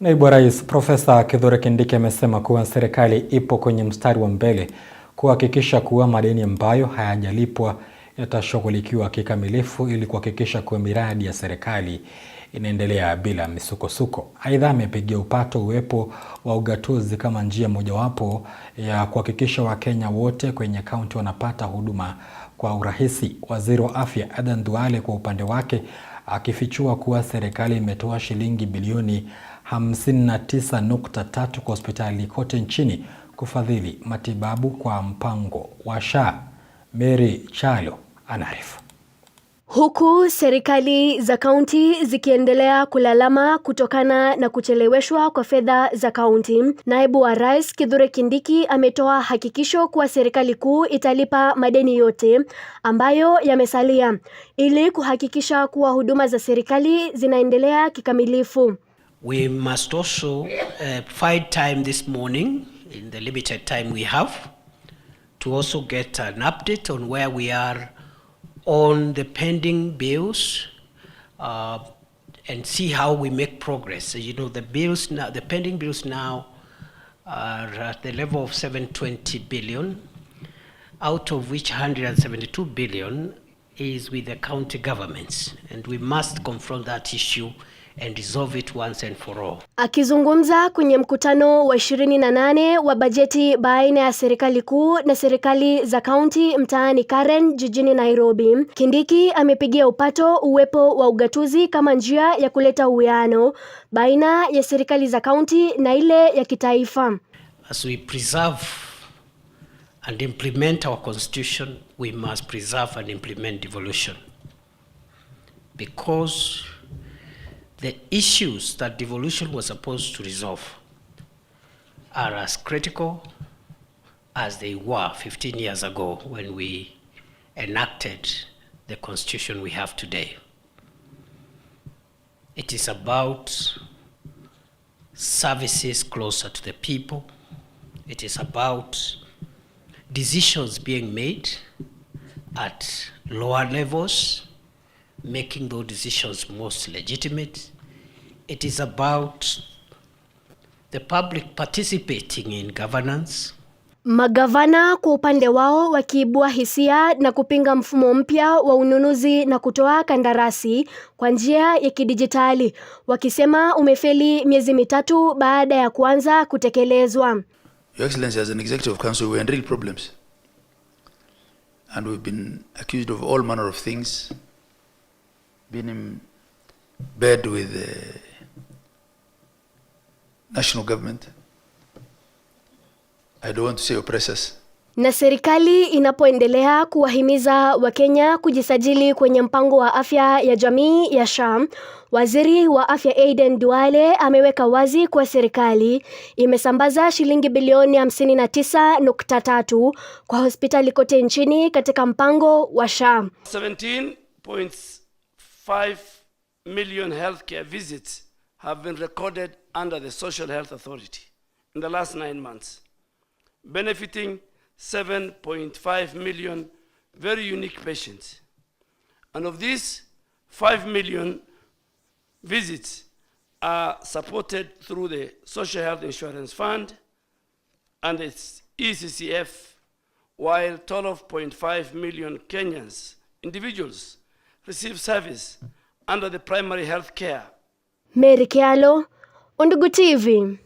Naibu wa Rais Profesa Kithure Kindiki amesema kuwa serikali ipo kwenye mstari wa mbele kuhakikisha kuwa madeni ambayo hayajalipwa yatashughulikiwa kikamilifu ili kuhakikisha kuwa miradi ya serikali inaendelea bila misukosuko. Aidha, amepigia upato uwepo wa ugatuzi kama njia mojawapo ya kuhakikisha Wakenya wote kwenye kaunti wanapata huduma kwa urahisi. Waziri wa Afya Adan Duale kwa upande wake akifichua kuwa serikali imetoa shilingi bilioni 59.3 kwa hospitali kote nchini kufadhili matibabu kwa mpango wa SHA. Mary Chalo anaarifu. Huku serikali za kaunti zikiendelea kulalama kutokana na kucheleweshwa kwa fedha za kaunti, naibu wa rais Kithure Kindiki ametoa hakikisho kuwa serikali kuu italipa madeni yote ambayo yamesalia ili kuhakikisha kuwa huduma za serikali zinaendelea kikamilifu. We must also uh, find time this morning, in the limited time we have, to also get an update on where we are on the pending bills uh, and see how we make progress. So, you know, the bills now, the pending bills now are at the level of 720 billion, out of which 172 billion is with the county governments, and we must confront that issue and resolve it once and for all. Akizungumza kwenye mkutano wa 28 wa bajeti baina ya serikali kuu na serikali za kaunti mtaani Karen jijini Nairobi, Kindiki amepigia upato uwepo wa ugatuzi kama njia ya kuleta uwiano baina ya serikali za kaunti na ile ya kitaifa. As we preserve and implement our constitution, we must preserve and implement devolution because the issues that devolution was supposed to resolve are as critical as they were 15 years ago when we enacted the constitution we have today. It is about services closer to the people. It is about decisions being made at lower levels making those decisions most legitimate. It is about the public participating in governance. Magavana kwa upande wao wakiibua hisia na kupinga mfumo mpya wa ununuzi na kutoa kandarasi kwa njia ya kidijitali, wakisema umefeli miezi mitatu baada ya kuanza kutekelezwa. Your Excellency, as an executive of council, we are in real problems. And we've been accused of all manner of things been in bed with the national government. I don't want to say oppressors. Na serikali inapoendelea kuwahimiza Wakenya kujisajili kwenye mpango wa afya ya jamii ya SHA, Waziri wa Afya Aden Duale ameweka wazi kuwa serikali imesambaza shilingi bilioni 59.3 kwa hospitali kote nchini katika mpango wa SHA. 17. 5 million healthcare visits have been recorded under the Social Health Authority in the last nine months, benefiting 7.5 million very unique patients. And of these, 5 million visits are supported through the Social Health Insurance Fund and its ECCF, while 12.5 million Kenyans, individuals, receive service under the primary health care. Mary Undugu TV.